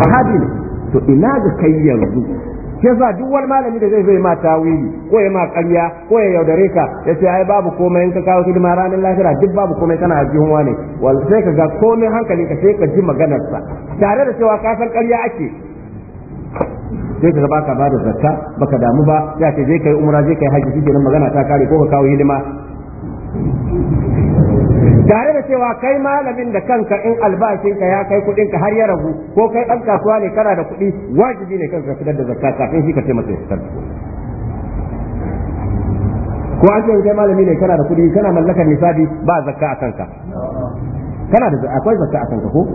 sahabi ne to ina ga kai yanzu ke za duk wani malami da zai zai ma tawili ko ya ma ƙarya ko ya yaudare ka ya ce ai babu komai in ka kawo hidima ranar lahira duk babu komai kana aljihun ne? wal sai ka ga komai ka sai ka ji maganarsa. tare da cewa ka san ƙarya ake sai ka baka ba da zakka baka damu ba ya ce zai kai umra zai kai haji shi kenan magana ta kare ko ka kawo hidima tare da cewa kai malamin da kanka in albashinka ya kai kuɗin ka har ya ragu ko kai ɗan kasuwa ne kana da kuɗi wajibi ne kanka fitar da zakka kafin shi ka ce masa fitar ko an ce kai malami ne kana da kuɗi kana mallakar nisabi ba zakka a kanka kana da akwai zakka a kanka ko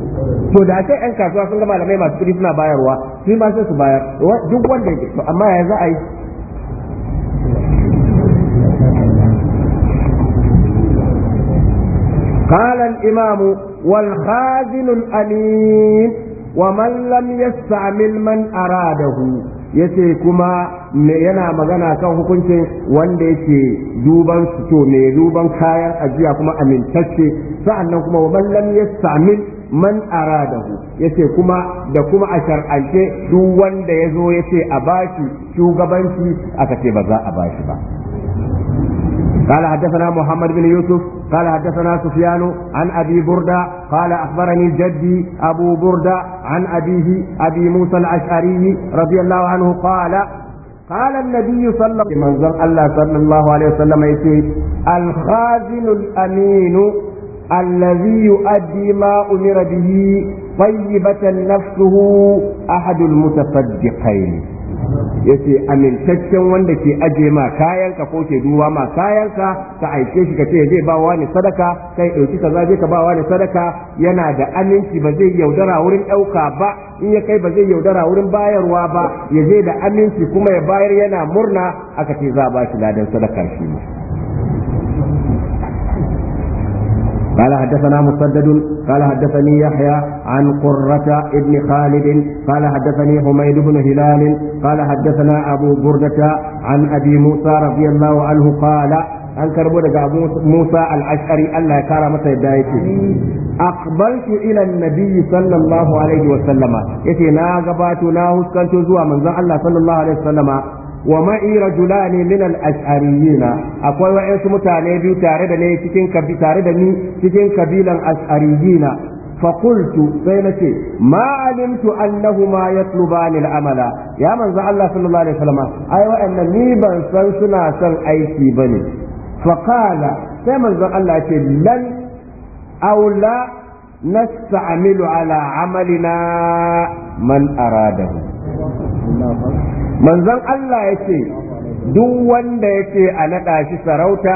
to da kai yan kasuwa sun ga malamai masu kudi suna bayarwa shi ma sai su bayar duk wanda yake to amma ya za a yi قال الإمام والخازن الأمين ومن لم يستعمل من أراده yace kuma me yana magana kan hukuncin wanda yake duban su to me duban kayan ajiya kuma amintacce sa'annan kuma man lam yastamil man aradahu yace kuma da kuma a shar'ance duk wanda yazo yace a bashi shugabanci aka ce ba za a bashi ba qala hadathana muhammad bin Yusuf. قال حدثنا سفيان عن أبي بردة قال أخبرني جدي أبو بردة عن أبيه أبي موسى الأشعري رضي الله عنه قال قال النبي صلى الله صلى الله عليه وسلم يقول الخازن الأمين الذي يؤدي ما أمر به طيبة نفسه أحد المتصدقين Yake amintaccen wanda ke aje ma kayanka ko ke duba ma kayanka ka aike shi ka ce zai ba wani sadaka kai dauki ka zai ka ba wani sadaka yana da aminci ba zai yaudara wurin ɗauka ba in ya kai ba zai yaudara wurin bayarwa ba ya zai da aminci kuma ya bayar yana murna aka ce za a ba shi ladan sadaka shi ma قال حدثنا مسدد قال حدثني يحيى عن قرة ابن خالد قال حدثني حميد بن هلال قال حدثنا أبو بردة عن أبي موسى رضي الله عنه قال an karbo daga Musa al-Ash'ari Allah ya kara masa yadda yake aqbaltu ila an-nabi sallallahu alaihi wa sallama yace na gabato na huskanto zuwa manzon Allah sallallahu alaihi wa sallama wa ma'i rajulani min al akwai wayansu mutane biyu tare da ni cikin kabilan ash'ariyina fa qultu sai na ma alimtu annahuma yatlubani al-amala ya manzo Allah sallallahu alaihi wasallam ai wa'annan ni ban san suna son aiki bane fa qala sai manzo Allah ce lan aula nasta'milu ala amalina man aradahu manzon Allah ya ce duk wanda ya ce a naɗa shi sarauta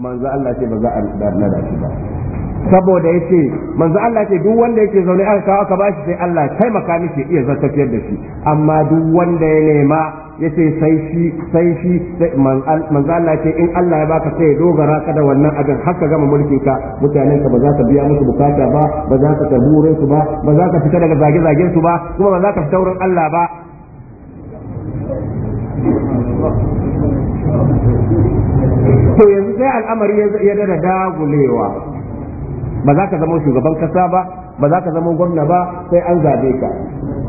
manzon Allah ce ba za a naɗa shi ba saboda ya ce manzo Allah ce duk wanda ya ce zaune aka kawo aka bashi sai Allah taimaka miki iya zartafiyar da shi amma duk wanda ya nema ya ce sai shi sai shi manzo Allah ce in Allah ya baka sai ya dogara ka da wannan abin haka gama mulkin ka mutanen ka ba za ka biya musu bukata ba ba za ka taburin su ba ba za ka fita daga zage-zagen su ba kuma ba za ka fita wurin Allah ba to yanzu sai al'amari ya dada dagulewa ba za ka zama shugaban kasa ba ba za ka zama gwamna ba sai an zabe ka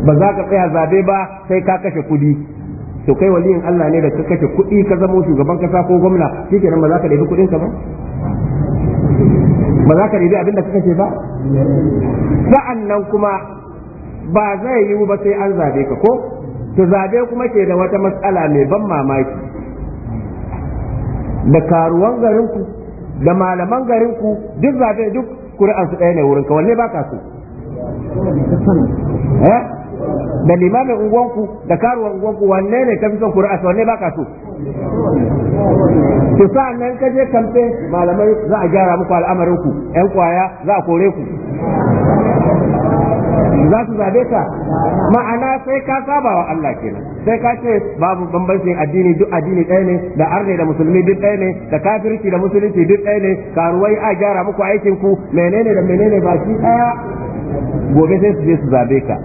ba za ka tsaya zabe ba sai ka kashe kudi to kai waliyin Allah ne da ka kashe kuɗi ka zama shugaban kasa ko gwamna kike nan ba za ka dai kuɗin ka ba ba za ka dai abin da ka kashe ba sa'an nan kuma ba zai yiwu ba sai an zabe ka ko to zabe kuma ke da wata matsala mai ban mamaki da karuwan garinku da malaman garinku duk zaɓe duk ƙuri'an su ɗaya ne ka wanne ba ka so eh? da limamin unguwanku da karuwan unguwanku wanne ne ka fi son ƙuri'a wanne ba ka so ki sa nan ka je kamfe malamai za a gyara muku al'amarinku 'yan kwaya za a kore ku za su zabe ka ma'ana sai ka saba wa Allah kenan sai ka ce babu bambancin addini duk addini ɗaya ne da arne da musulmi duk ɗaya ne da kafirci da musulunci duk ɗaya ne karuwai a gyara muku aikin ku menene da menene ba shi ɗaya gobe sai su je su zabe ka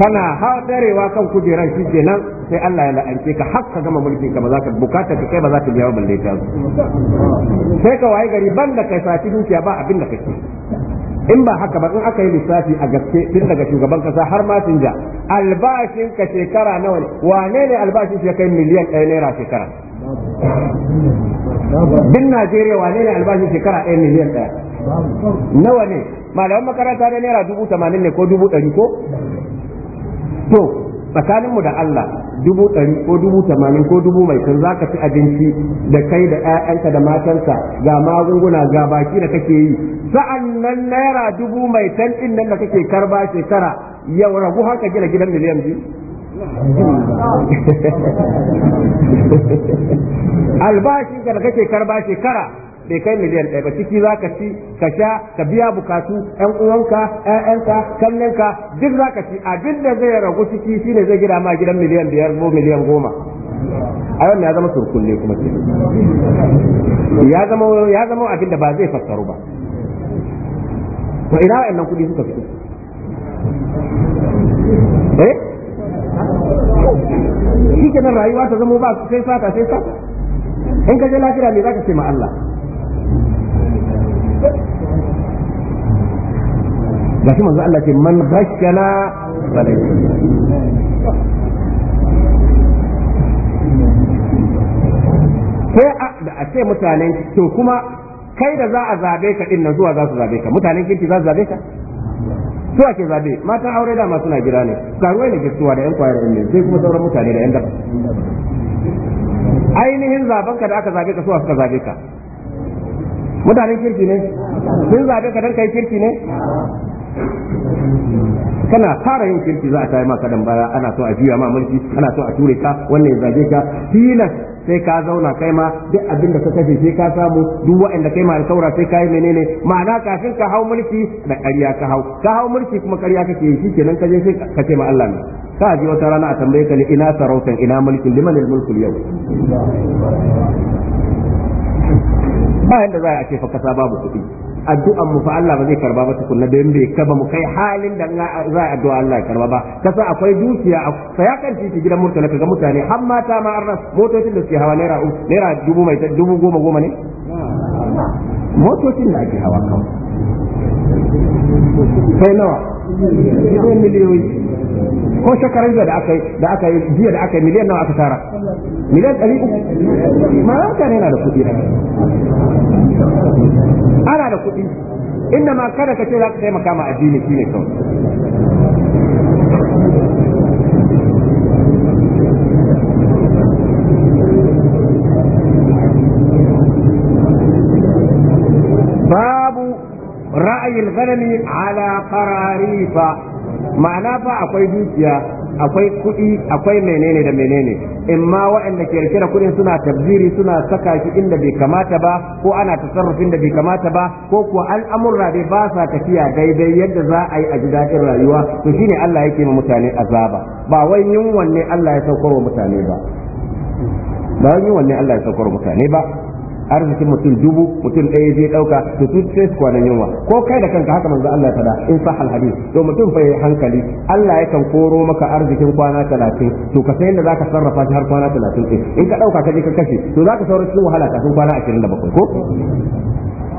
kana hadarewa kan kujerar shi kenan sai Allah ya la'ance ka har ka gama mulkin ka ba za ka bukata ka kai ba za ka biya wa ta sai ka waye gari banda da kai sati dukiya ba abin da kake in ba haka ba in aka yi lissafi a gaske tun daga shugaban kasa har ma sun ja albashin ka shekara nawa ne wane ne albashin shi ya kai miliyan ɗaya naira shekara din najeriya wane ne albashin shekara ɗaya miliyan ɗaya nawa ne malaman makaranta ne naira dubu tamanin ne ko dubu ɗari ko to tsakanin mu da Allah dubu ɗari ko dubu tamanin ko dubu mai sun ka ci abinci da kai da ƴaƴanka da matansa ga magunguna ga baki da kake yi sa'an nan naira dubu mai tan din nan da kake karba shekara yau ragu haka gina gidan miliyan biyu albashin ka da kake karba shekara bai kai miliyan ɗaya ba ciki za ka ci ka sha ka biya bukatu ƴan uwanka ƴaƴanka kannenka duk za ka ci abin da zai ragu ciki shine zai gida ma gidan miliyan biyar ko miliyan goma a yau ya zama surkulle kuma ke ya zama ya zama abin da ba zai fassaru ba to ina wa'annan kuɗi suka fito eh shi kenan rayuwa ta zama ba sai sata sai sata in ka je lafiya za ka ce ma Allah gashi manzo Allah ce man ghashana falaysa sai da a ce mutanen to kuma kai da za a zabe ka din nan zuwa za su zabe ka mutanen kinki za su zabe ka su ake zabe matan aure masu na jira ne garuwa ne gaskiya da yan kwayar ne sai kuma sauran mutane da yan da ainihin zaben ka da aka zabe ka suwa suka zabe ka mutanen kirki ne sun zabe ka dan kai kirki ne kana fara yin kirki za a tayi maka dan baya ana so a juya ma mulki ana so a ture ka wannan ya zage ka tilas sai ka zauna kai ma duk abin da ka kashe sai ka samu duk waɗanda kai ma al-saura sai ka yi menene ma'ana kafin ka hau mulki da ƙarya ka hau ka hau mulki kuma ƙarya kake yi shikenan ka je sai ka ce ma Allah ne ka ji wata rana a tambaye ka ne ina sarautan ina mulkin liman mulkul yau ba yadda za a ce fa kasa babu kuɗi addu'an mu fa Allah ba zai karba ba tukunna da yanda ka ba mu kai halin da za a addu'a Allah ya karba ba kasa akwai dukiya fa ya kan titi gidan murtala kaga mutane har mata ma arna motocin da suke hawa naira naira dubu mai dubu goma goma ne motocin da ake hawa kawai kai nawa miliyoyi ko shekaran da aka yi da aka yi jiya da aka yi miliyan nawa aka tara miliyan ɗari uku ma mutane na da kuɗi ana da kuɗi inda ma kada ka ce za ka taimaka ma addini shine kawai باب رأي ala qarari fa ma'ana fa akwai dukiya akwai kuɗi akwai menene da menene in ma waɗanda ke rike da kuɗin suna tabziri suna saka shi inda bai kamata ba ko ana tasarrufin da bai kamata ba ko kuwa al'amurra dai ba sa tafiya daidai yadda za a yi a ji daɗin rayuwa to shine Allah yake ma mutane azaba ba wai yunwan ne Allah ya saukar wa mutane ba ba wai yunwan ne Allah ya saukar wa mutane ba arzikin mutum dubu mutum ɗaya zai ɗauka to su sai su kwanan yunwa ko kai da kanka haka manzo Allah ta faɗa in hal hadis to mutum fa yi hankali Allah ya kan koro maka arzikin kwana talatin to ka san yadda zaka sarrafa shi har kwana talatin ɗin in ka ɗauka ka je ka kashe to zaka saura cikin wahala kafin kwana ashirin da bakwai ko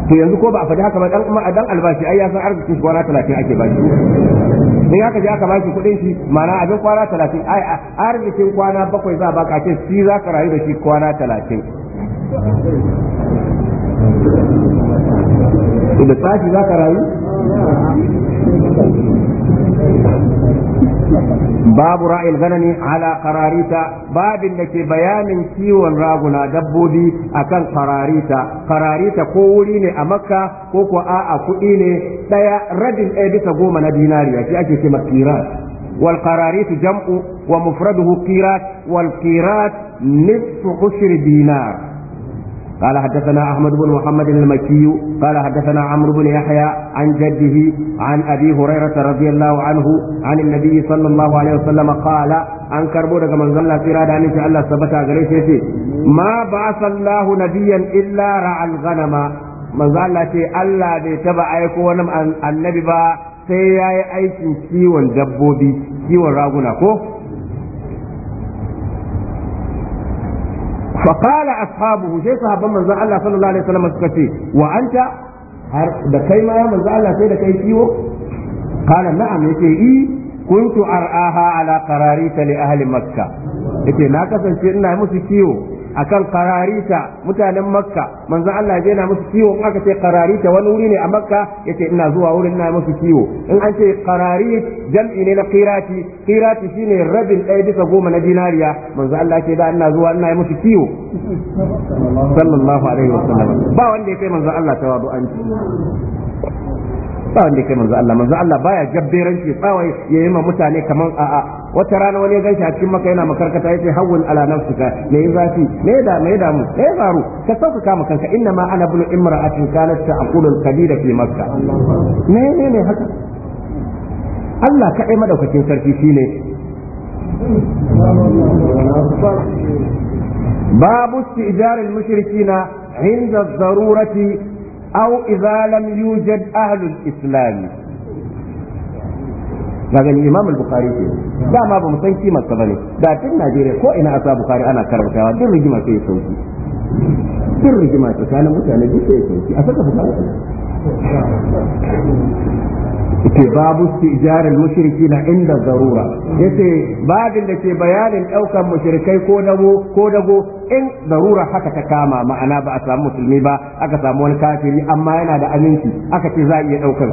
to yanzu ko ba a faɗi haka ba dan kuma dan albashi ai ya san arzikin shi kwana talatin ake ba bashi in haka je aka baki kuɗin shi mana abin kwana talatin ai arzikin kwana bakwai za a baka ce shi za ka rayu da shi kwana talatin da tsafi za ka rayu babu ra'il ganani ala kararita babin da ke bayanin kiwon raguna dabbobi akan kararita kararita ko wuri ne a makka ko ko a kuɗi ne ɗaya rabin ɗaya bisa goma na dinariya shi ake ce makirat والقراريط جمع ومفرده قيراط والقيراط نصف عشر dinar. قال حدثنا أحمد بن محمد المكي قال حدثنا عمرو بن يحيى عن جده عن أبي هريرة رضي الله عنه عن النبي صلى الله عليه وسلم قال an karbo daga manzon Allah sai da annabi Allah sabata gare shi yace ma ba'atha Allah nabiyan illa ra'al ghanama manzon Allah ce Allah bai taba aiko wani annabi ba sai yi aiki ciwon dabbobi ciwon raguna ko فقال أصحابه شيء صحابة من زال الله صلى الله عليه وسلم سكتي وأنت da kai ma ya manzo Allah sai da kai kiwo kana na'am yace i kuntu ar'aha ala qararita li ahli makka yace na kasance ina musu kiwo akan qararita mutanen makka manzo Allah ya na musu kiwo in aka ce qararita wani wuri ne a makka yace ina zuwa wurin na musu kiwo in an ce qararit jam'i ne na qirati qirati shine rabin ɗaya bisa goma na dinariya manzo Allah ya ce da ina zuwa ina musu kiwo sallallahu alaihi wasallam ba wanda ya kai manzo Allah ta tawadu'anci ba wanda kai manzo Allah manzo Allah baya gabberanci ya yi ma mutane kaman a wata rana wani ya ganshi a cikin maka yana makarkata yace hawwal ala nafsika me ya zafi me da me da mu me ya faru ka sauka kama kanka inna ma ana bunu imra'atin kanat ta'qulu al-kabira fi makkah me ne ne haka Allah kaɗai madaukakin sarki shine babu istijar al-mushrikina inda zarurati aw idza lam ahlul islam daga imam al-bukhari ke dama ba mu san kimar sa bane da tun najeriya ko ina asa bukhari ana karantawa duk rigima sai ya sauki duk rigima tsakanin mutane duk sai ya sauki a saka bukhari ke babu tijarar mushriki na inda zarura yace babin da ke bayanin ɗaukar mushrikai ko dago ko in zarura haka ta kama ma'ana ba a samu musulmi ba aka samu wani kafiri amma yana da aminci aka ce za a iya daukar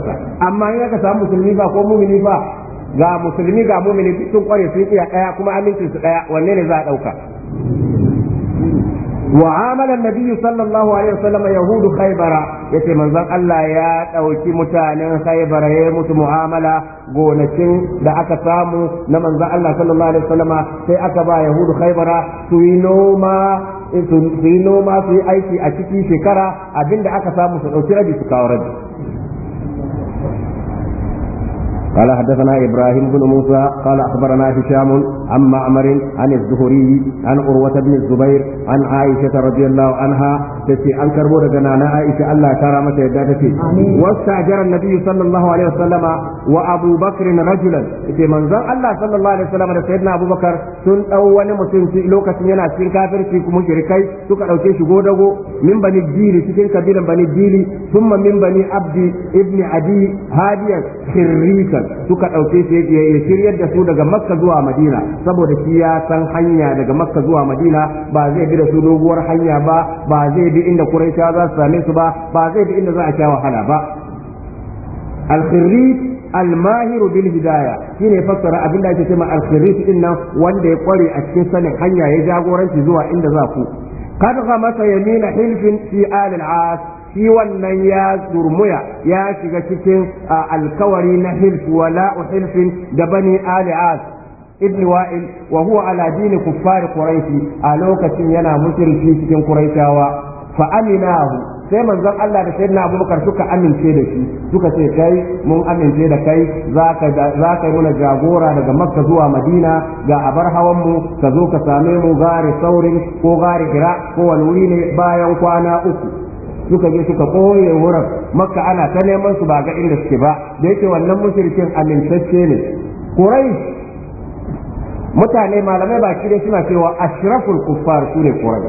amma in aka samu musulmi ba ko mumini ba ga musulmi ga mumini sun kware sun iya ɗaya kuma amincin su daya wanne ne za a ɗauka. وعامل النبي صلى الله عليه وسلم يهود خيبر yace manzon Allah ya ɗauki mutanen haibara ya mutu mu'amala gonakin da aka samu na manzon Allah sallallahu alaihi wasallama sai aka ba Yahudu Khaibara suyi noma suyi aiki a ciki shekara abinda aka samu su ɗauki rabi kawo rabi قال حدثنا إبراهيم بن موسى قال أخبرنا هشام عن معمر عن الزهري عن عروة بن الزبير عن عائشة رضي الله عنها تتي أن كربو رجنانا عائشة الله كرامة يدادتي واستأجر النبي صلى الله عليه وسلم وأبو بكر رجلا تتي منظر الله صلى الله عليه وسلم سيدنا أبو بكر سن أول مسلم لوكة ينا سن كافر في مشركي سكا أو تيش من بني الديل تتين كبيرا بني الديل ثم من بني عبد ابن عدي هاديا شريكا suka ɗauke shi ya shiryar da su daga makka zuwa madina saboda shi ya san hanya daga makka zuwa madina ba zai bi da su doguwar hanya ba ba zai bi inda kuraisha za su same su ba ba zai bi inda za a sha wahala ba al-khirrit almahiru bil hidaya shine fassara abin da ake cewa al-khirrit din nan wanda ya kware a cikin sanin hanya ya jagoranci zuwa inda za ku kad masa yamina hilfin fi al-as shi wannan ya durmuya ya shiga cikin alkawari na hilf wala hilfin da bani ali as ibn wa'il wa huwa ala din kuffar quraishi a lokacin yana mushriki cikin quraishawa fa aminahu sai manzon Allah da sayyidina Abubakar suka amince da shi suka ce kai mun amince da kai zaka zaka muna jagora daga Makka zuwa Madina ga abar hawan mu ka zo ka same mu gare saurin ko gare gira ko wani wuri ne bayan kwana uku suka je suka koye wurin makka ana ta neman su ba ga inda suke ba da yake wannan mushrikin amintacce ne kurai mutane malamai baki dai suna cewa ashraful kuffar su ne kurai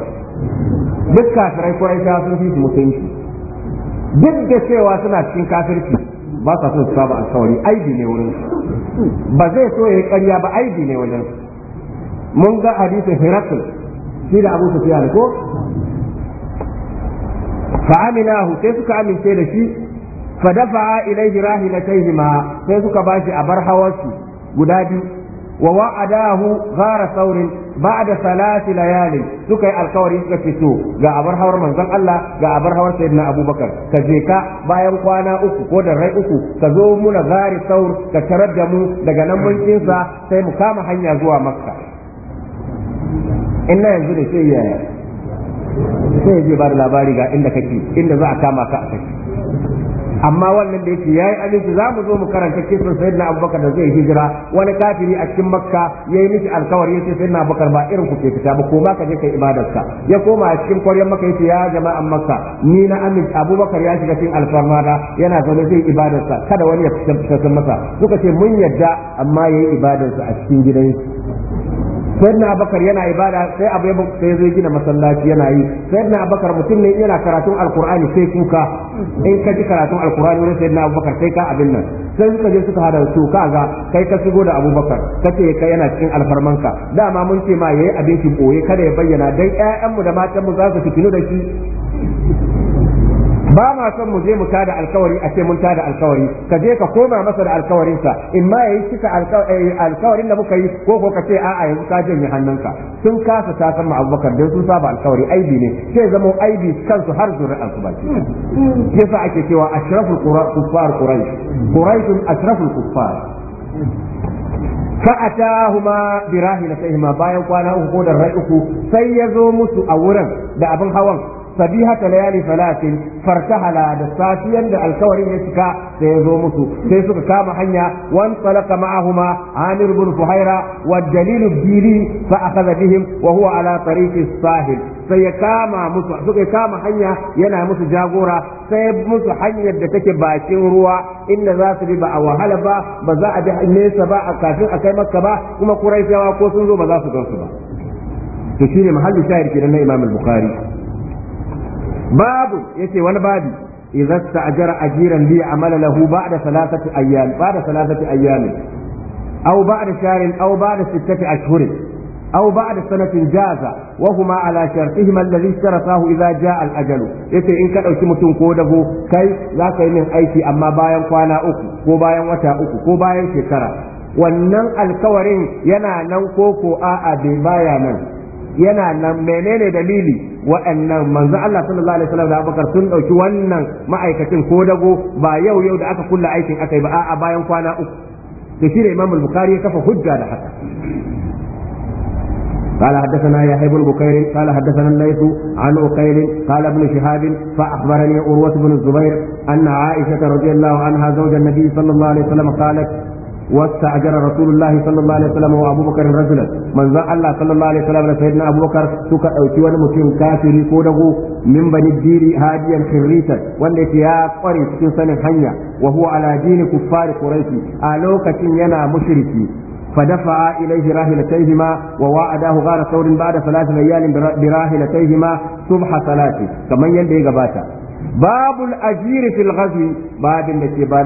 duk kafirai kurai ta sun fi su mutunci duk da cewa suna cikin kafirci ba sa son su saba alkawari aibi ne wurin ba zai so ya yi karya ba aibi ne wajen mun ga hadisi hirakul shi da abu sufiyan ko fa aminahu sai suka amince da shi fa dafa'a ilaihi rahilataihima sai suka bashi a bar hawarsu guda biyu wa wa'adahu gara saurin ba'da salati layali suka yi alkawari suka fito ga abar hawar manzon Allah ga abar hawar sayyidina Abubakar ka je ka bayan kwana uku ko da rai uku ka zo muna gari saur ka tarar da mu daga nan mun sai mu kama hanya zuwa Makka inna yanzu da sai sai ya ba da labari ga inda kake inda za a kama ka a kai amma wannan da yake yayi aminci za mu zo mu karanta kisan sayyidina abubakar da zai hijira wani kafiri a cikin makka yayi miki alkawari yace na abubakar ba irin ku ke fita ba ko ba ka je kai ibadarka ya koma a cikin kwaryan makka yace ya jama'an makka ni na amin abubakar ya shiga cikin alfarmada yana zaune zai ibadarsa kada wani ya fita masa suka ce mun yadda amma yayi ibadarsa a cikin gidansa na abakar yana ibada sai abu ya sai zai gina masallaci yana yi sayyidina abakar mutum ne yana karatun alkur'ani sai kuka in ka ji karatun wani wurin na abubakar sai ka abin nan sai suka je suka hada su kai ka shigo da abubakar kace ka yana cikin alfarmanka dama mun ce ma yayi abin boye kada ya bayyana dan ƴaƴanmu da matanmu za su fitinu da shi ba ma son mu je mu tada alkawari a ce mun tada alkawari ka je ka koma masa da alkawarinsa sa in ma yayi cika eh, alkawarin da muka yi ko ko ka ce a'a yanzu ka janye hannunka sun kasa ta san Abubakar dan sun saba alkawari aibi ne sai zama aibi kansu har zuri'an su baki yasa ake cewa ashraful kuffar quraish quraish ashraful kuffar fa'atahuma birahilataihima bayan kwana uku ko da rai uku sai ya zo musu a wurin da abin hawan sabihata layali salatin fartahala da safiyan da alkawarin ya cika sai ya zo musu sai suka kama hanya wan talaka ma'ahuma amir bin fuhaira wa dalil bili fa akhadha bihim wa huwa ala tariqi sahil sai ya kama musu suka kama hanya yana musu jagora sai musu hanyar da take bakin ruwa inda za su bi ba a wahala ba ba za a bi nesa ba a kafin a kai makka ba kuma kuraisawa ko sun zo ba za su gansu ba to shine mahallin shayar kenan na imam al-bukhari babu yace wani babi idza sta'jara ajiran li amala lahu ba'da thalathati ayyam ba'da thalathati ayyam aw ba'da shahrin aw ba'da sittati ashhurin aw ba'da sanatin jaza wa huma ala shartihima alladhi ishtarafahu idza ja'a al-ajalu yace in ka dauki mutum ko dago kai za ka yi min aiki amma bayan kwana uku ko bayan wata uku ko bayan shekara wannan alkawarin yana nan koko a'a bai bayanan nan yana nan menene dalili wa'annan manzo Allah sallallahu alaihi wasallam da Abubakar sun dauki wannan ma'aikacin ko dago ba yau yau da aka kulla aikin aka yi ba a'a bayan kwana uku to shi ne Imam Bukhari ya kafa hujja da haka قال حدثنا يحيى بن بكير قال حدثنا الليث عن عقيل قال ابن شهاب فاخبرني عروه بن الزبير ان عائشه رضي الله عنها زوج النبي صلى الله عليه وسلم قالت واستعجل رسول الله صلى الله عليه وسلم وابو بكر رجلا من ذا الله صلى الله عليه وسلم سيدنا ابو بكر سكا اوتي wani mutum kafiri ko dago min bani diri hadiyan khirrita wanda yake ya kware cikin sanin hanya wa huwa ala dini kuffari quraishi a lokacin yana mushriki فدفع إليه راحلتيهما ووعداه غار ثور بعد ثلاث ليال براحلتيهما صبح ثلاث كما يلدي غباتا باب ajiri في الغزو باب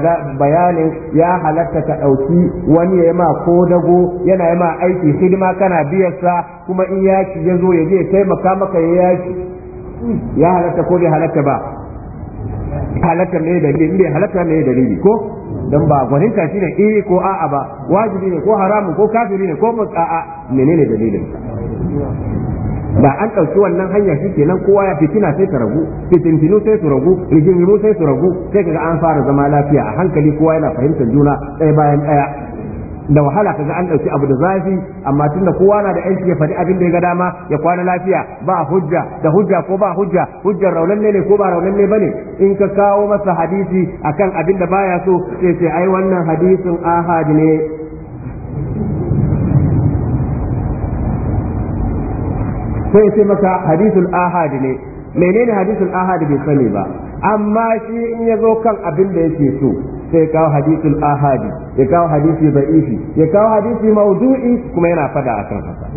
da ke bayanin ya halatta ka ɗauki wani ya ma ko dago yana yi بيسا aiki hidima kana biyarsa kuma in yaki yazo zo ya je taimaka maka ya yaki ya halatta ko bai halatta ba halatta ne dalili bai halatta ne dalili ko dan ba gwaninta shine eh ko a'a ba wajibi ne ko haramun ko kafiri ne ko a'a menene dalilin ba an ɗauki wannan hanya shi kenan kowa ya fitina sai su ragu fitintinu sai su ragu rigingimu sai su ragu sai kaga an fara zama lafiya a hankali kowa yana fahimtar juna ɗaya bayan ɗaya da wahala kaga an ɗauki abu da zafi amma tun da kowa na da yanci ya faɗi abin da ya ga dama ya kwana lafiya ba hujja da hujja ko ba hujja hujjar raunanne ne ko ba ba bane in ka kawo masa hadisi akan abin da baya so sai sai ai wannan hadisin ahad ne sai ce maka hadithul ahad ne menene hadithul ahad bai sani ba amma shi in ya zo kan abin da yake so sai ya kawo hadithul ahad ya kawo hadisi za'ifi ya kawo hadisi mawdu'i kuma yana fada akan haka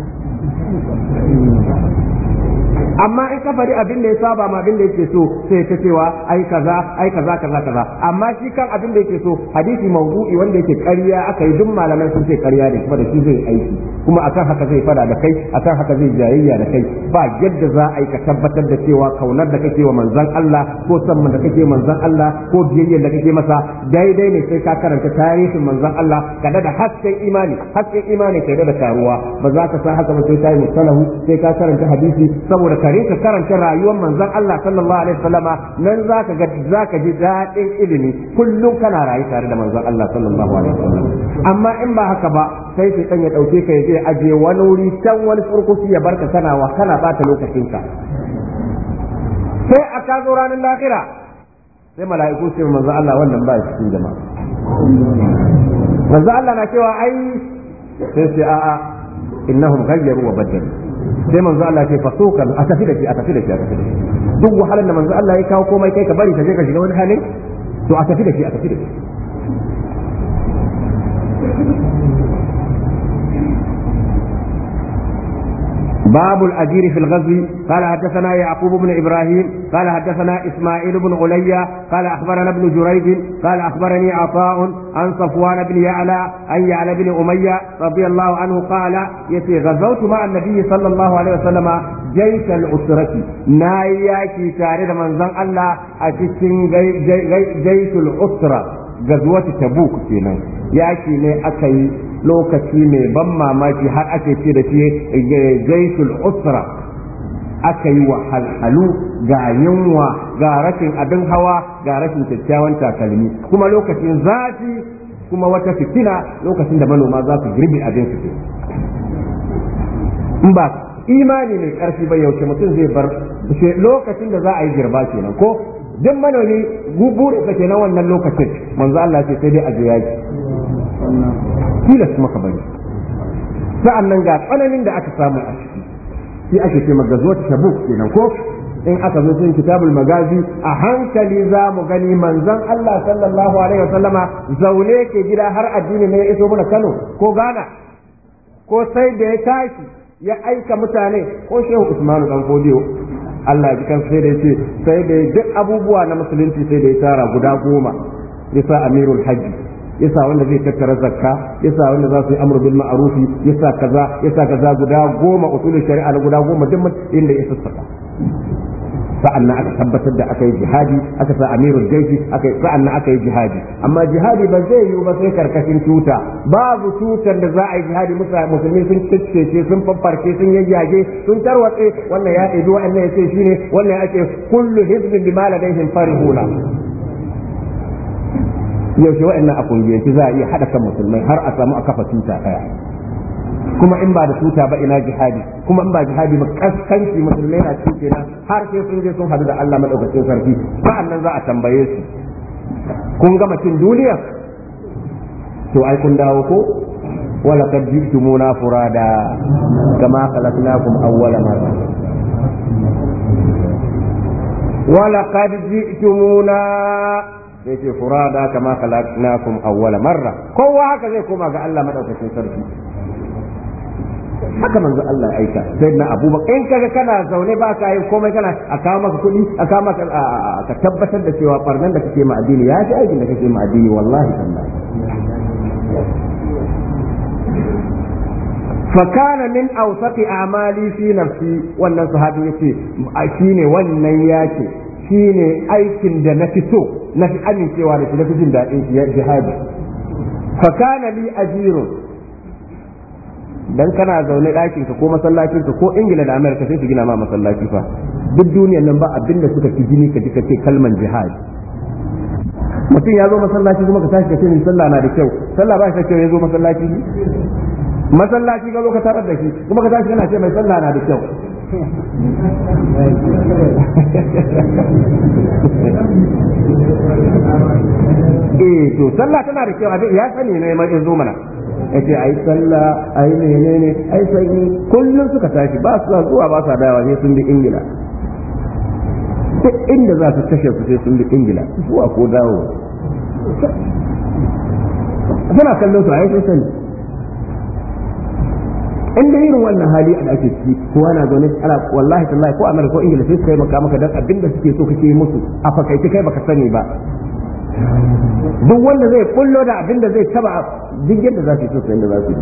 amma in ka faɗi abin da ya saba ma abin da yake so sai ta cewa ai kaza ai kaza kaza kaza amma shi kan abin da yake so hadisi mawdu'i wanda yake ƙarya aka yi duk malamai sun ce ƙarya ne kuma da shi zai aiki kuma akan haka zai fada da kai akan haka zai jayayya da kai ba yadda za a yi ka tabbatar da cewa kaunar da kake wa manzon Allah ko san da kake manzon Allah ko biyayyar da kake masa daidai ne sai ka karanta tarihin manzon Allah kada da hasken imani hasken imani kai da taruwa ba za ka san haka ba sai ka yi musalahu sai ka karanta hadisi saboda ka karanta rayuwar manzon Allah sallallahu alaihi wasallama nan zaka ga zaka ji daɗin ilimi kullum kana rayu tare da manzon Allah sallallahu alaihi wasallam amma in ba haka ba sai sai dan ya dauke ka ya je aje wani wuri can wani surkuci ya barka kana wa kana bata lokacin ka. sai a ka zo ranar lahira sai mala'iku sai manzo Allah wannan ba cikin jama'a manzo Allah na cewa ai sai sai a'a innahum ghayyaru wa badalu sai manzo Allah ce fasukan a tafi da shi a tafi da shi a tafi da shi duk wahalar da manzo Allah ya kawo komai kai ka bari ka je ka shiga wani hali to a tafi da shi a tafi da shi باب الأجير في الغزو قال حدثنا يعقوب بن إبراهيم قال حدثنا إسماعيل بن علي قال أخبرنا ابن جريج قال أخبرني عطاء عن صفوان بن يعلى عن يعلى بن أمية رضي الله عنه قال يتي غزوت مع النبي صلى الله عليه وسلم جيش الأسرة ناياكي تارد من زن الله أتشن جيش الأسرة غزوة تبوك فينا ياكي ne aka yi lokaci mai ban mamaki har ake ce da ce eh, gaisul usra aka yi wahalhalu ga yunwa ga rashin abin hawa ga rashin kyakkyawan takalmi kuma lokacin zafi kuma wata fitina lokacin da manoma za su girbi abin su in ba imani mai karfi ba yaushe mutum zai bar lokacin da za a yi girba kenan ko duk manomi gubu da kenan wannan lokacin manzo Allah ce sai dai a yaki tilas maka bane nan ga tsananin da aka samu a ciki shi ake ce magazuwar tabuk kenan ko in aka zo cikin kitabul magazi a hankali za mu gani manzon Allah sallallahu alaihi wasallama zaune ke gida har addini ne ya iso mana Kano ko Ghana ko sai da ya tashi ya aika mutane ko Shehu Usmanu dan Fodiyo Allah ji kan sai da yace sai da duk abubuwa na musulunci sai da ya tara guda goma ya sa Amirul Hajji yasa wanda zai tattara zakka yasa wanda za su yi amru bil ma'ruf yasa kaza yasa kaza guda goma usulul shari'a guda goma duk inda ya sassaka sa'annan aka tabbatar da aka yi jihadi aka sa amirul jaishi aka sa'annan aka yi jihadi amma jihadi ba zai yiwu ba sai karkashin tuta babu tutar da za a yi jihadi musulmi sun ciccece sun fafarke sun yayyage sun tarwatse wannan ya ɗebi wa'annan ya ce shine wannan ya ce kullu hizbin bima ladaihim farihuna yaushe wa'annan a kungiyanci za a iya haɗa kan musulmai har a samu a kafa tuta ɗaya kuma in ba da tuta ba ina jihadi kuma in ba jihadi ba kaskanci musulmai na cikin kenan har sai sun je sun hadu da Allah madaukakin sarki nan za a tambaye su kun gama cin duniya to ai kun dawo ko wala kad jibtumuna furada kama khalaqnakum awwala marra wala kad jibtumuna sai ce furada kama khalaqnakum awwala marra kowa haka zai koma ga Allah madaukakin sarki haka manzo Allah ya aika sai na abubakar in kaga kana zaune ba ka yi komai kana a kawo maka kuɗi a kawo maka ka tabbatar da cewa barnan da kake ma addini ya ji aikin da kake ma addini wallahi tallahi فكان من أوسط fi في نفسي وأن صحابي يتي أشيني wannan yake. shine aikin da na fi so na fi amincewa da shi na fi jin daɗin shi ya jihadi fa kana li ajirun dan kana zaune ɗakin ka ko masallacin ka ko ingila da amerika sai su gina ma masallaci fa duk duniyan nan ba abinda suka fi jini ka ji ce kalman jihad mutum ya zo masallaci kuma ka tashi ka ce min sallah na da kyau sallah ba shi da kyau ya zo masallaci masallaci ga zo ka tarar da shi kuma ka tashi kana ce mai sallah na da kyau eh to sallah tana da kyau abin ya sani ne mai zo mana yace ai sallah ai menene ai sanyi kullum suka tashi ba su zuwa ba sa dawa sai sun bi ingila duk inda za su kashe su sai sun bi ingila zuwa ko dawo suna kallon su a sai sani in da irin wannan hali a ake ciki kowa na zaune ana wallahi tallahi ko amurka ko ingila sai su kai maka maka dan abinda suke so kake musu a fakaice kai baka sani ba duk wanda zai kullo da abinda zai taba duk yadda za su so sai da za su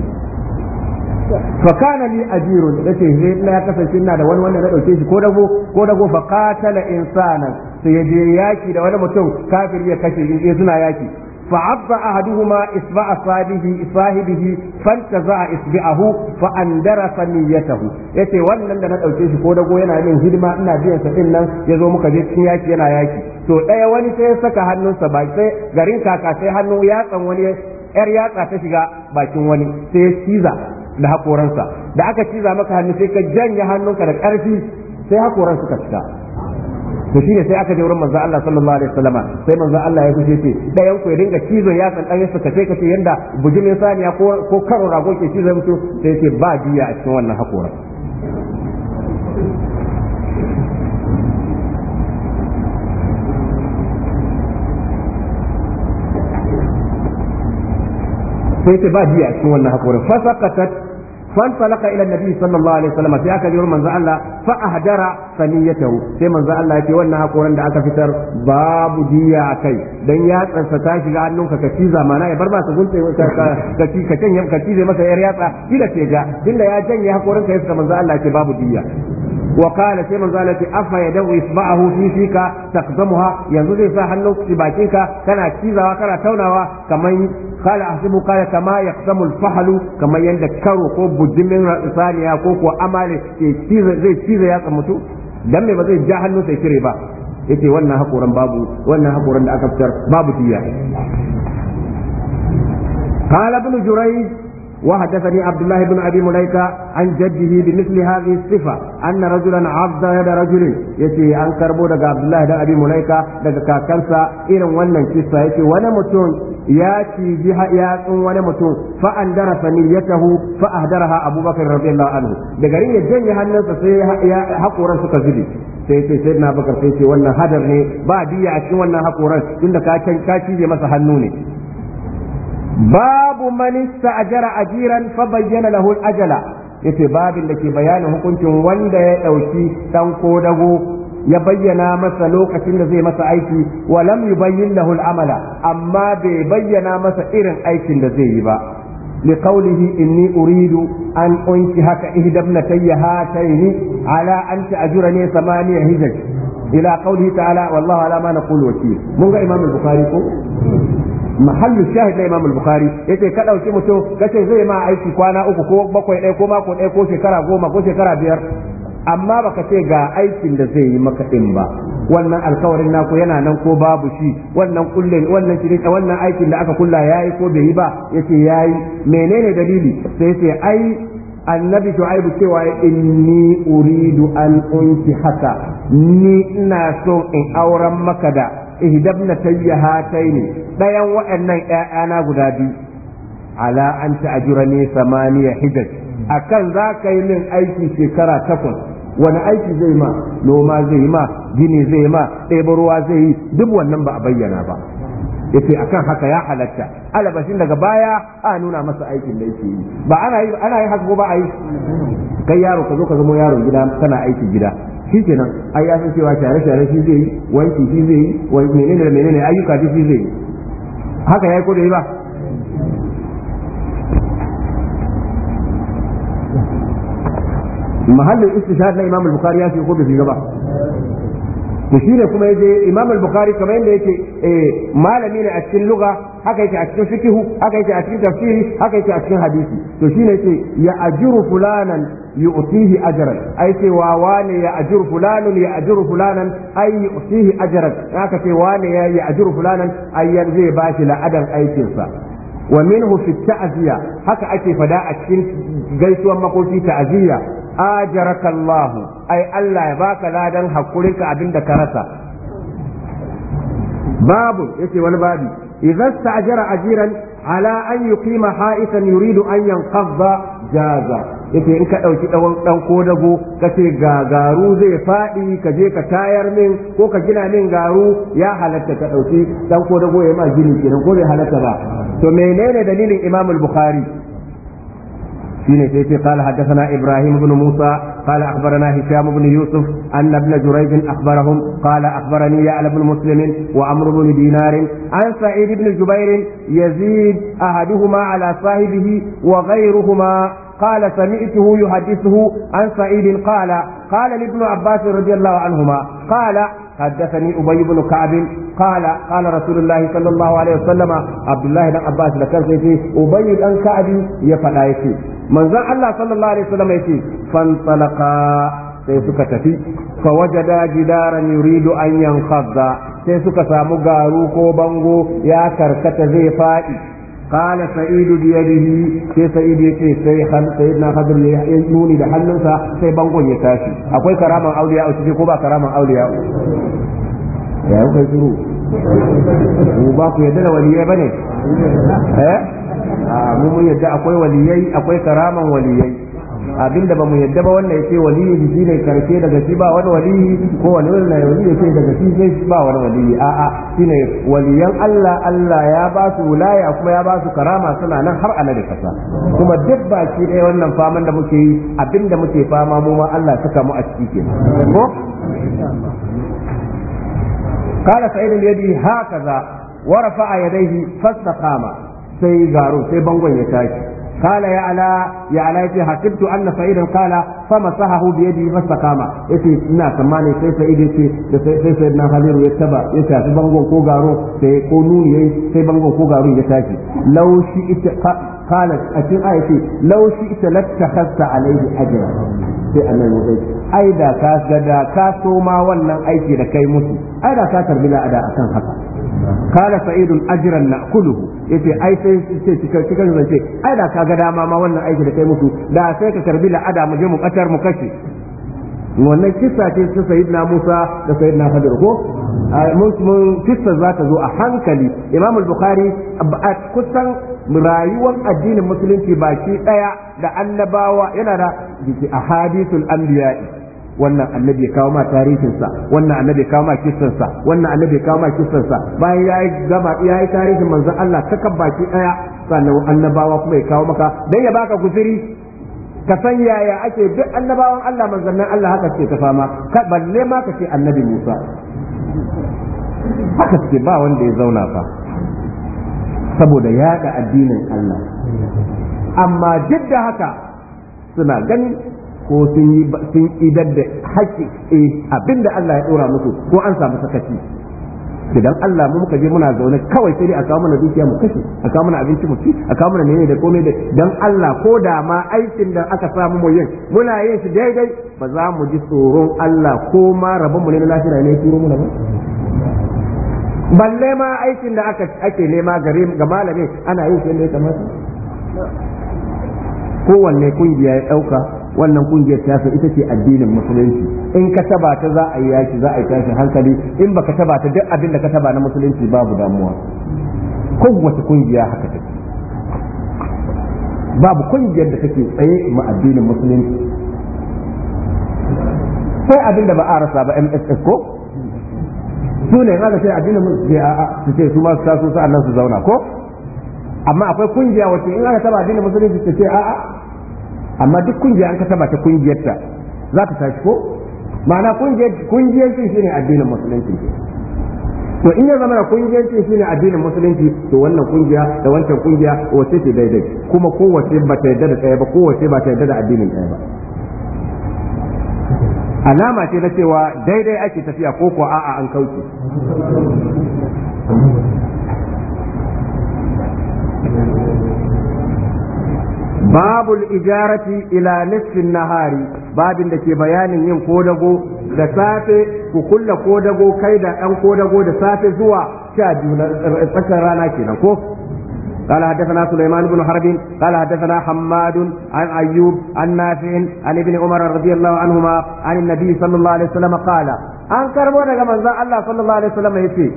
fa kana li ajirun yace sai na ya kasance ina da wani wanda na dauke shi ko dago ko dago fa qatala insanan sai ya je yaki da wani mutum kafiri ya kashe shi suna yaki فعض أحدهما إصبع صاحبه صاحبه فانتزع إصبعه فأندرس نيته yace wannan da na ɗauke shi ko dago yana min hidima ina biyan sa nan ya zo muka je cikin yaki yana yaki to ɗaya wani sai ya saka hannunsa ba sai garin kaka sai hannu yatsan wani yar yatsa ta shiga bakin wani sai ya ciza da hakoransa da aka ciza maka hannu sai ka janye hannunka da ƙarfi sai hakoran suka fita to shine sai aka je wurin manzo Allah sallallahu alaihi wasallama sai manzo Allah ya guje ce yan ku ya dinga cizon ya san dan yasa kace kace yanda bujimin saniya ko ko karo rago ke cizon mutu sai yace ba jiya a cikin wannan hakora sai ce ba jiya a cikin wannan hakora fasaqatat فانطلق الى النبي صلى الله عليه وسلم sai aka jiro manzo Allah fa ahdara saniyatahu sai manzo Allah yake wannan hakoran da aka fitar babu a kai dan ya tsansa ta ga hannunka ka ci zamana ya bar ba su gunta ka ci masa yar yatsa kila ce ga dinda ya janye hakoran ka yasa manzo Allah yake babu diya وقال سيما زالت أفا يدعو إصبعه في فيك تقدمها ينزل في حنوك في باكينك كان كيزا وكان تونوا كما قال أحسبه قال كما يقدم الفحل كما يندكر قب الجمين الثانية كوكو وأمال زي يا يقمتو دمي بزي جاهل نسي كريبا با يتي وانا babu wannan وانا da aka بابو تيا قال ابن جريج وحدثني عبد الله بن ابي مليكة عن جده بمثل هذه الصفة ان رجلا عبد يد رجل يتي عن كربو دقى عبد الله بن ابي مليكة دقى كاكنسا irin wannan kissa ce wani mutum ya ciji yatsun wani mutum fa an darasa niyyatahu fa ahdaraha abubakar radiyallahu anhu da garin ya janye hannunsa sai ya hakoran suka zube sai ce sai na bakar sai ce wannan hadar ne ba diya a cikin wannan haƙuran. tunda ka kaci ka cije masa hannu ne Babu باب a jiran fa فبين له الأجل yace babin da ke bayanin hukuncin wanda ya ɗauki ɗan ko dago ya bayyana masa lokacin da zai masa aiki wa lam yubayyin lahu amma bai bayyana masa irin aikin da zai yi ba li qawlihi inni uridu an unki haka ihdabnatayya hataini ala an ta'jura ne samaniya hijaj ila qawlihi ta'ala wallahu ala ma naqulu wakil mun ga imam al-bukhari ko mahallu shahid na Imam al-Bukhari yace ka dauki mutum kace zai ma aiki kwana uku ko bakwai ɗaya ko mako ɗaya ko shekara goma ko shekara biyar amma baka ce ga aikin da zai yi maka din ba wannan alkawarin naku yana nan ko babu shi wannan kullen wannan shirin wannan aikin da aka kulla yayi ko bai yi ba yace yayi menene dalili sai sai ai annabi shu'aibu cewa inni uridu an unki haka ni ina so in auren maka da ihdabna ne. dayan waɗannan na guda biyu ala an ni samaniya hijaj akan za ka yi min aiki shekara takwas wani aiki zai ma noma zai ma gini zai ma ɗebo ruwa zai yi duk wannan ba a bayyana ba yake akan haka ya halatta alabashin daga baya a nuna masa aikin da yake yi ba ana yi ana yi haka ba a yi kai yaro ka zo ka zama yaron gida kana aiki gida shi kenan ai ya san cewa share share shi zai yi wanki shi zai yi wani menene da menene ayyuka shi zai yi haka yayi ko da ba mahallin istishhad na Imam Bukhari ya ce ko bai gaba to shine kuma yaje Imam al-Bukhari kamar yadda yake eh malami ne a cikin lugha haka yake a cikin fikihu haka yake a cikin tafsiri haka yake a cikin hadisi to shine yake ya ajiru fulanan yu'tihi ajran ai ce wa wane ya ajiru fulanun ya ajiru fulanan ai yu'tihi ajran haka ce wane ya ya ajiru fulanan ai yanzu zai bashi la'adan aikin sa wa minhu fi ta'ziya haka ake fada a cikin gaisuwar makoci ta'ziya ajarakallahu Allah ai Allah ya baka ladan ka abinda ka rasa babu yace wani babi idza sta'jara ajiran ala an yuqima ha'isan yuridu an yanqadha jaza yace in ka dauki dawon dan ko dago kace ga garu zai fadi ka je ka tayar min ko ka gina min garu ya halatta ka dauki dan ko dago yayi ma gini kenan ko bai halatta ba to menene dalilin Imamul bukhari shine sai ce qala na ibrahim ibn musa qala akhbarana hisham ibn yusuf anna ibn jurayj kala qala akhbarani ya'la ibn muslim wa amr ibn dinar an sa'id ibn jubair yazid ahaduhuma ala sahibihi wa ghayruhuma قال سمعته يحدثه عن سعيد قال قال لابن عباس رضي الله عنهما قال حدثني أبي بن كعب قال قال رسول الله صلى الله عليه وسلم عبد الله بن عباس ذكرت أبي بن كعب يفعل من ذا الله صلى الله عليه وسلم يتي فانطلقا سيسك تفي tafi جدارا يريد أن yuridu سيسك yanqadha روكو suka يا garu ko bango قال سعيد بيده سي سعيد يتي سي خل سيدنا خضر ينوني da hannunsa sai bangon ya tashi akwai karaman auliya a ko ba karaman auliya ya kuka shiru mu ba ku yadda da waliyai bane eh mun yadda akwai waliyai akwai karaman waliyai abinda ba mu yadda ba wannan yace waliyi shi ne karfe daga shi ba wani waliyi ko wani wannan waliyi yake daga shi sai ba wani waliyi a'a shine waliyan Allah Allah ya ba su wilaya kuma ya ba su karama suna nan har ana kasa kuma duk baki ɗaya wannan faman da muke yi abinda muke fama mu ma Allah suka mu a ciki kenan ko قال سعيد اليدي هكذا ورفع يديه فاستقام sai garo sai bangon ya tashi قال يا علا يا علا يتي حسبت أن سعيدا قال فمسحه بيده فاستقام يتي إنا سماني سي سعيد يتي سي سيدنا خليل يتبع يتي بانغو كو غارو سي قنون يتي سي بانغو كو غارو يتاكي لو شئت قالت أتين آيتي لو شئت لاتخذت عليه أجرا sai annabi ya ce ai da ka ga da ka so ma wannan aiki da kai musu ai da ka tarbi la'ada akan haka قال sa'idun ajran ناكله yace اي سي ce cikin cikin zai ce ai da ka ga dama ma wannan aiki da kai musu da sai ka karbi la'ada mu je mu katar mu kashe wannan kissa ce ta sayyidina Musa da sayyidina Khadir ko mun kissa za ta zo a hankali Imam al-Bukhari kusan rayuwar addinin musulunci baki daya da annabawa yana da ahadithul anbiya'i wannan annabi ya kawo ma tarihinsa wannan annabi ya kawo ma kissansa wannan annabi ya kawo ma kissansa bayan ya yi gama ya yi tarihin manzon Allah ta kan baki daya sannan annabawa kuma ya kawo maka dan ya baka guziri ka san yaya ake duk annabawan Allah manzannin Allah haka ce ta fama ka balle ma ka ce annabi Musa haka ce ba wanda ya zauna fa saboda yaɗa addinin Allah amma duk da haka suna ganin. ko sun yi sun idar da haƙƙi eh abinda Allah ya dora musu ko an samu sakaci idan Allah mu muka je muna zaune kawai sai dai a kawo mana dukiya mu kashe a kawo mana abinci mu ci a kawo mana menene da komai da dan Allah ko da ma aikin da aka samu mu yin muna yin shi daidai ba za mu ji tsoron Allah ko ma rabon mu ne na lafiya ne turo mu na ba balle ma aikin da aka ake nema gare ga malami ana yin shi yadda ya kamata kowanne kungiya ya dauka wannan kungiyar siyasa ita ce addinin musulunci in ka taba ta za a yi yaki za a yi tashin hankali in baka taba ta duk abin da ka taba na musulunci babu damuwa kowace kungiya haka take babu kungiyar da take tsaye ma addinin musulunci sai abin da ba a rasa ba MSS ko su ne kaga sai addinin musulunci a su ce su ma su taso sa'annan su zauna ko amma akwai kungiya wacce in aka taba addinin musulunci su ce a'a amma duk kungiya an ka saba ta ta za ta tashi ko ma'ana shi shine addinin musulunci to in ya zama da shi shine addinin musulunci to wannan kungiya da wancan kungiya wace ce daidai kuma kowace ba ta yarda da ɗaya ba kowace ba ta yarda da addinin ɗaya ba alama ce na cewa daidai ake tafiya ko ko a'a an kauce babul ijarati ila nisfin nahari babin da ke bayanin yin kodago da safe ku kulla kodago kai da ɗan kodago da safe zuwa sha biyu tsakar rana kenan ko قال حدثنا سليمان بن حرب قال حدثنا حماد عن أيوب عن نافع عن ابن عمر رضي الله عنهما عن النبي صلى الله عليه وسلم قال أنكر بودا كما الله صلى الله عليه وسلم يتي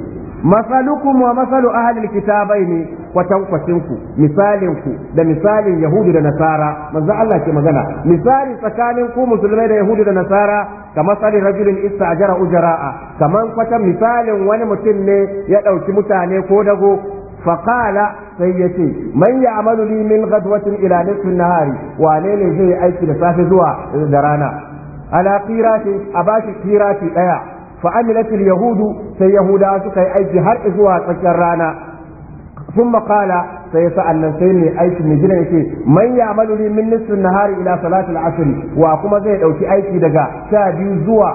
مثلكم ومثل أهل الكتابين kwatankwasinku misalinku da misalin yahudu da nasara manzo Allah ke magana misali tsakanin ku musulmai da yahudu da nasara kamar sali rajulin isa ajara ujara'a kamar kwatan misalin wani mutum ne ya ɗauki mutane ko dago faƙala sai ya ce man ya amalu li min gadwatin ila nisfin nahari wane ne zai aiki da safe zuwa da rana ala qirati a bashi qirati daya fa amilat al yahudu sai yahuda suka yi aiki har zuwa tsakiyar rana ثم قال سيسا أن سيني أيك من جنة يكي من يعمل لي من نصف النهار إلى صلاة العصر وأقوم زي أو في أيك دقا شادي زوا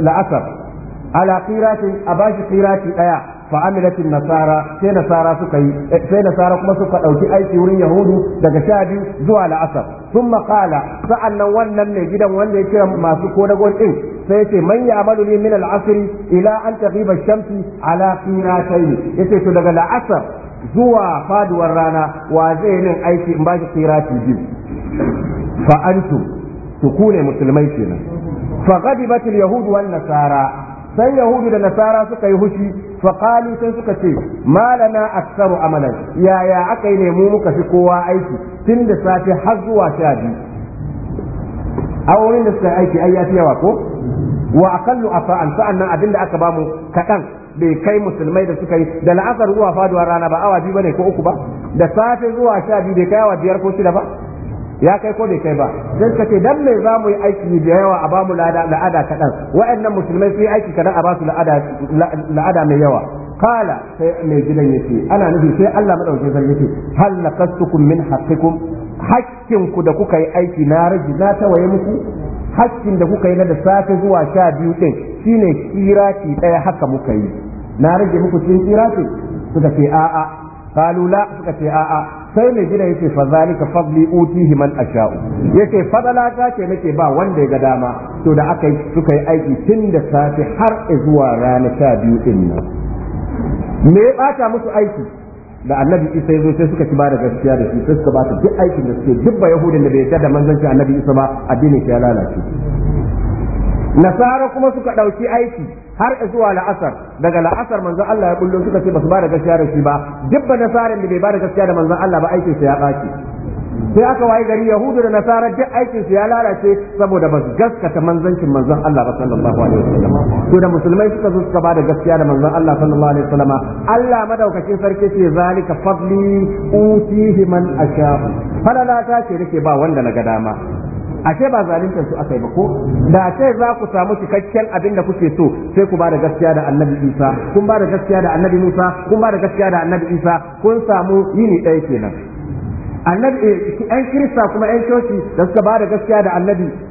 لأثر على قيرات أباش قيرات أيا فعملت النصارى سي نصارى سكي سي نصارى كما سكا أوكي أي سوري يهود دقا شادي زوا لأثر ثم قال سألنا ونم نجدا ونم ما سكونا قول إيه sai yace man ya'malu li min al-'asr ila an taghiba ash-shams ala qiratayn yace to daga la'asar zuwa faduwar rana wa zai nin aiki in ba shi sirati biyu fa su to ne musulmai kenan fa batir Yahudu wani nasara sai yahudu da nasara suka yi hushi fa sai suka ce malana aktsaru amalan yaya aka yi ne muka fi kowa aiki tun da safe har zuwa sha biyu a wurin da suka aiki ai ya yawa ko wa aqallu afa'an abin da aka bamu kaɗan? bai kai musulmai da suka yi da la'asar zuwa faduwar rana ba awa biyu bane ko uku ba da safe zuwa sha biyu bai kai awa biyar ko shida ba ya kai ko bai kai ba dan kace dan me za mu yi aiki da yawa a bamu mu la'ada kadan wa'annan musulmai su yi aiki kadan a basu la'ada la'ada mai yawa kala sai mai gidan yace ana nufi sai Allah madaukakin sarki yace hal laqastukum min haqqikum ku da kuka yi aiki na rage na tawaye muku hakkin da kuka yi na da safe zuwa sha biyu din shine kira ki daya haka muka yi na rage muku cikin tsira ce suka ce a'a qalu la suka ce a'a sai mai gida yace ka zalika oti himan a asha'u yace fadala ta ce nake ba wanda ya ga dama to da aka suka yi aiki tun da safe har zuwa rana sha biyu in nan me ya bata musu aiki da annabi isa ya zo sai suka ci ba da gaskiya da shi sai suka ba su duk aikin da suke duk ba yahudin da bai yarda da manzanci annabi isa ba addinin shi ya lalace nasara kuma suka ɗauki aiki har zuwa la'asar daga la'asar manzon Allah ya kullo suka ce basu ba da gaskiya da shi ba duk ba nasaran da bai ba da gaskiya da manzon Allah ba aikin su ya ɓaci sai aka waye gari yahudu da nasara duk aikin su ya lalace saboda ba su gaskata manzancin manzon Allah ba sallallahu alaihi wasallam to da musulmai suka zo suka bada gaskiya da manzon Allah sallallahu alaihi wasallam Allah madaukakin sarki ce zalika fadli utihi man asha falala ta ce nake ba wanda na ga dama ashe ba zalunta su yi ba ko da ce za ku samu cikakken abin da kuke so sai ku ba da gaskiya da annabi Isa kun ba da gaskiya da annabi Musa kun ba da gaskiya da annabi Isa kun samu yini ɗaya kenan annabi eh, kirista kuma ɗan coci da suka ba da gaskiya da annabi